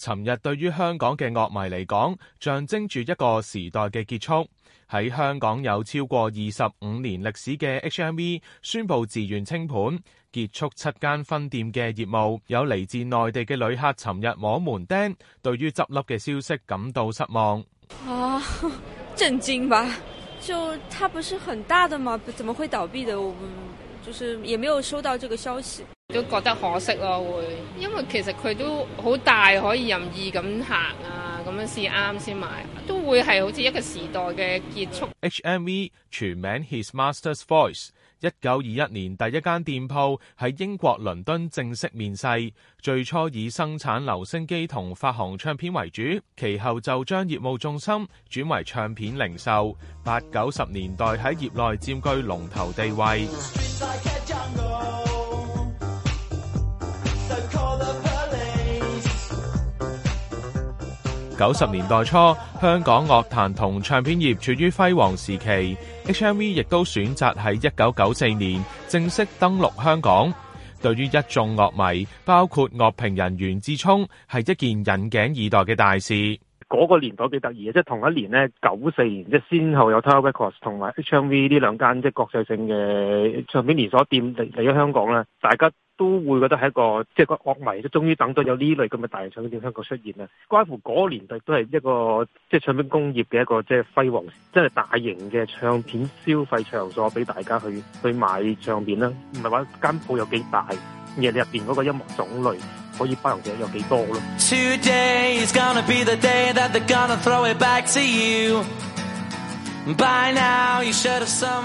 尋日對於香港嘅樂迷嚟講，象徵住一個時代嘅結束。喺香港有超過二十五年歷史嘅 HMV 宣布自願清盤，結束七間分店嘅業務。有嚟自內地嘅旅客，尋日摸門釘，對於執笠嘅消息感到失望。啊，震驚吧！就它不是很大的嘛，怎麼會倒閉的。我們就是也沒有收到這個消息。都覺得可惜咯，會因為其實佢都好大，可以任意咁行啊，咁樣試啱先買，都會係好似一個時代嘅結束。HMV 全名 His Master's Voice，一九二一年第一間店鋪喺英國倫敦正式面世，最初以生產留聲機同發行唱片為主，其後就將業務重心轉為唱片零售，八九十年代喺業內佔據龍頭地位。九十年代初，香港樂壇同唱片業處於輝煌時期，HMV 亦都選擇喺一九九四年正式登陸香港。對於一眾樂迷，包括樂評人袁志聰，係一件引頸以待嘅大事。嗰個年代幾得意嘅，即係同一年咧，九四年即係先後有 Tower Records 同埋 HMV 呢兩間即係國際性嘅唱片連鎖店嚟嚟咗香港啦，大家都會覺得係一個即係個樂迷，都係終於等到有呢類咁嘅大型唱片店香港出現啦。關乎嗰年代都係一個即係唱片工業嘅一個即係輝煌，即係大型嘅唱片消費場所俾大家去去買唱片啦。唔係話間鋪有幾大，而係入邊嗰個音樂種類。可以包容嘅有幾多咯？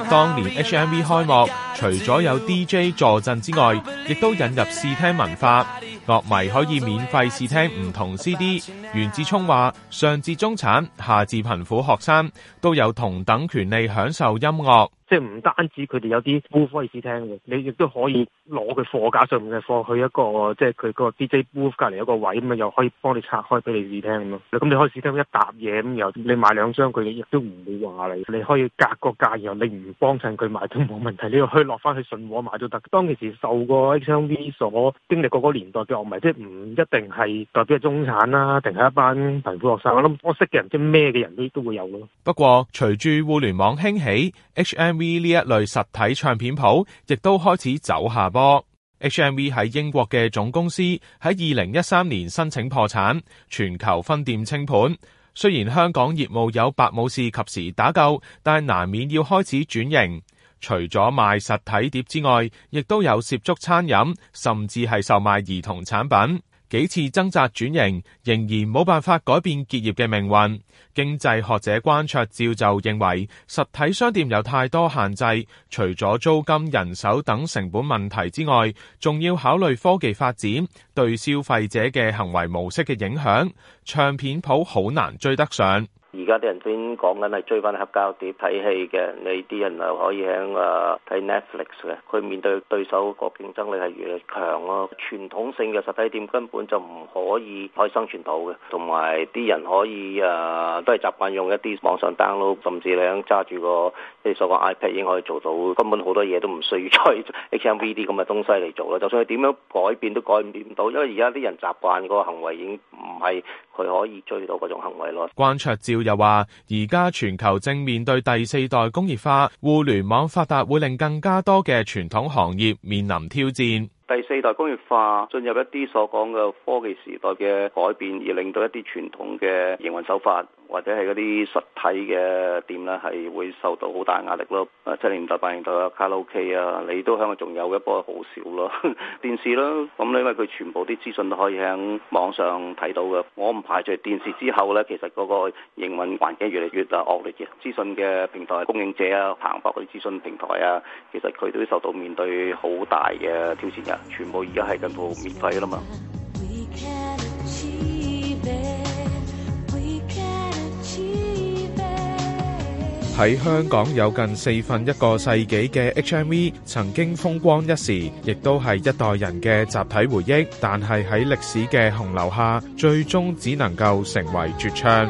當年 HMV 開幕，除咗有 DJ 助陣之外，亦都引入試聽文化，樂迷可以免費試聽唔同 CD。袁志聰話：上至中產，下至貧苦學生都有同等權利享受音樂。即係唔單止佢哋有啲 move 可以試聽嘅，你亦都可以攞佢貨架上面嘅貨去一個即係佢個 DJ move 隔離一個位咁啊，又可以幫你拆開俾你試聽咯。咁你開始聽到一沓嘢咁，又你買兩張佢亦都唔會話你，你可以隔個價，然後你唔幫襯佢買都冇問題。你去落翻去信和買都得。當其時受過 HMV 所經歷嗰個年代嘅我咪，即係唔一定係代表係中產啦，定係一班貧富學生。我諗我識嘅人即係咩嘅人都都會有咯。不過隨住互聯網興起，HM 呢一類實體唱片鋪亦都開始走下坡。HMV 喺英國嘅總公司，喺二零一三年申請破產，全球分店清盤。雖然香港業務有白武士及時打救，但係難免要開始轉型。除咗賣實體碟之外，亦都有涉足餐飲，甚至係售賣兒童產品。幾次掙扎轉型，仍然冇辦法改變結業嘅命運。經濟學者關卓照就認為，實體商店有太多限制，除咗租金、人手等成本問題之外，仲要考慮科技發展對消費者嘅行為模式嘅影響，唱片鋪好難追得上。而家啲人先講緊係追翻啲黑膠碟睇戲嘅，你啲人又可以喺誒睇 Netflix 嘅。佢、呃、面對對手個競爭力係越嚟越強咯、啊。傳統性嘅實體店根本就唔可以可以生存到嘅，同埋啲人可以誒、呃、都係習慣用一啲網上 download，甚至你咁揸住個即係所講 iPad 已經可以做到，根本好多嘢都唔需要再 HMV 啲咁嘅東西嚟做啦。就算係點樣改變都改變唔到，因為而家啲人習慣個行為已經唔係。佢可以追到嗰種行為咯。關卓照又話，而家全球正面對第四代工業化，互聯網發達會令更加多嘅傳統行業面臨挑戰。第四代工業化進入一啲所講嘅科技時代嘅改變，而令到一啲傳統嘅營運手法。或者係嗰啲實體嘅店咧，係會受到好大壓力咯。七零年代、八零年代嘅卡拉 OK 啊，你都香港仲有一波好少咯， 電視咯。咁你因為佢全部啲資訊都可以喺網上睇到嘅，我唔排除電視之後咧，其實嗰個營運環境越嚟越啊惡劣嘅資訊嘅平台供應者啊、彭博嗰啲資訊平台啊，其實佢都受到面對好大嘅挑戰嘅，全部而家係近乎免費啦嘛。喺香港有近四分一個世紀嘅 HMV 曾經風光一時，亦都係一代人嘅集體回憶。但係喺歷史嘅洪流下，最終只能夠成為絕唱。